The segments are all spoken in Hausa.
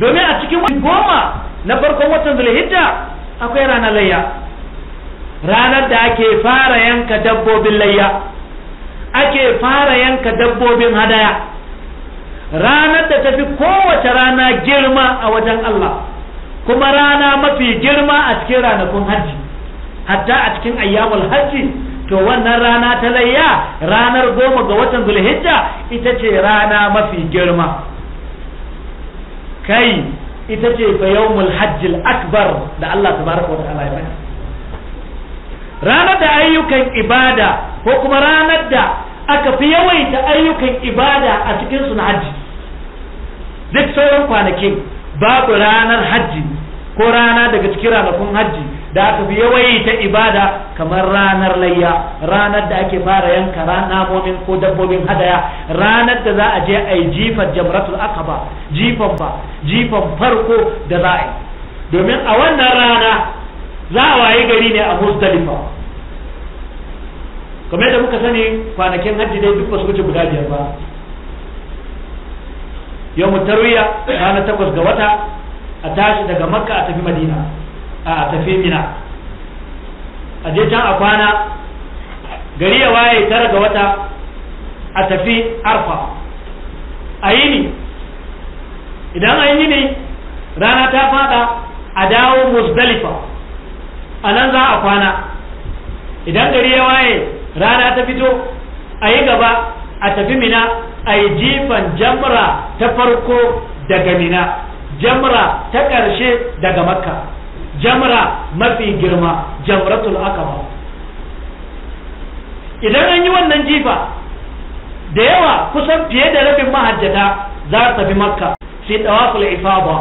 domin a cikin goma na farkon watan zulhijja akwai rana layya ranar da ake fara yanka dabbobin layya ake fara yanka dabbobin hadaya ranar da tafi kowace rana girma a wajen Allah kuma rana mafi girma a cikin ranakun hajji hatta a cikin ayyamul hajji to wannan rana ta layya ranar goma ga watan zulhijja ita ce rana mafi girma kai ita ce fa yawmul hajjil akbar da Allah tabaraka wa ta'ala ya bani ranar da ayyukan ibada ko kuma ranar da aka fi yawaita ayyukan ibada a cikin su hajji duk sauran kwanakin babu ranar hajji ko rana daga cikin ranakun hajji da aka bi yawai ta ibada kamar ranar layya ranar da ake fara yanka namomin ko dabbobin hadaya ranar da za a je a yi jifan jamratul akaba jifan ba jifan farko da za a yi domin a wannan rana za a wayi gari ne a muzdalifa kamar da muka sani kwanakin hajji dai duk basu wuce guda biyar ba yau mutarwiya rana takwas ga wata a tashi daga makka a tafi madina a tafi mina a can a kwana gari ya waye tara ga wata a tafi arfa a yi ni idan an yi ne rana ta fada a dawo musdalifa a nan za a kwana idan gari ya waye rana ta fito a yi gaba a tafi mina a yi jifan jamra ta farko daga mina jamra ta ƙarshe daga makka jamra mafi girma jamratul akaba idan an yi wannan jifa da yawa kusan fiye da rabin mahajjata za ta bi makka sai tawaful ifaba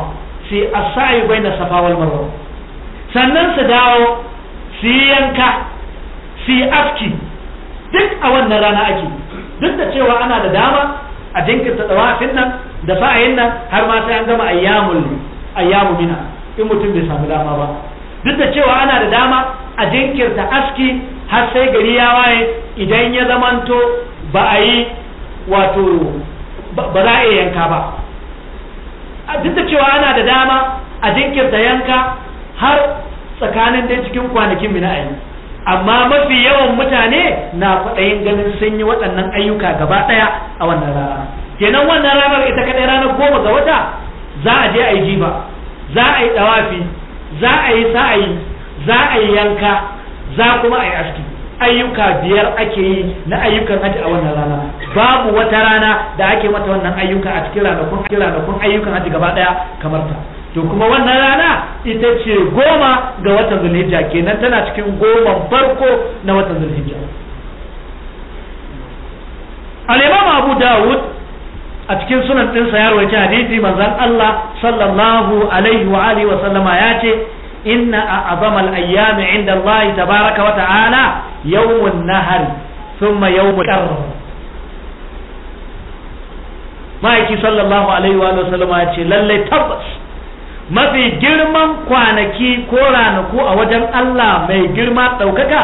sai as-sa'i baina safa wal marwa sannan su dawo su yi yanka su yi afki duk a wannan rana ake duk da cewa ana da dama a jinkirta tawafin nan da sa'ayin nan har ma sai an gama ayyamul ayyamu mina in mutum bai samu dama ba duk da cewa ana da dama a jinkirta aski har sai gari ya waye idan ya zamanto ba a yi wato ba za a iya yanka ba duk da cewa ana da dama a jinkirta yanka har tsakanin dai cikin kwanakin mina ayi amma mafi yawan mutane na kwaɗayin ganin sun yi waɗannan ayyuka gaba ɗaya a wannan rana kenan wannan ranar ita kaɗai ranar goma ga wata za a je a yi jiba za a yi dawafi za a yi sa'ayi za a yi yanka za kuma a yi aski ayyuka biyar ake yi na ayyukan haji a wannan rana babu wata rana da ake mata wannan ayyuka a cikin ranakun ranakun ayyukan haji gaba daya kamar ta to kuma wannan rana ita ce goma ga watan zulhijja kenan tana cikin goma farko na watan zulhijja al-imam abu dawud cikin sunan ɗinsa ya rawaita hadisi manzon Allah sallallahu alaihi wa alihi wa sallama ya ce inna a'zamal ayami inda Allah tabaaraka wa ta'ala yawmun nahar thumma yawmul qar ma'aiki sallallahu alaihi wa sallama ya ce lalle tabbas mafi girman kwanaki ko ranaku a wajen Allah mai girma ɗaukaka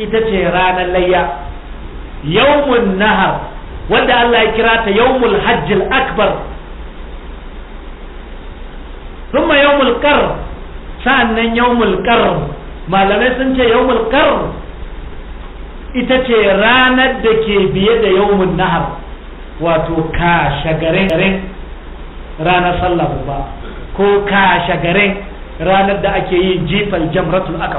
ita ce ranar layya yawmun nahar wanda Allah ya kira ta yawmul hajjil akbar thumma yawmul qar sa'annan yawmul qar malamai sun ce yawmul qar ita ce ranar da ke biye da yawmul nahar wato ka gare ranar sallah ba ko ka gare ranar da ake yin jifal jamratul akbar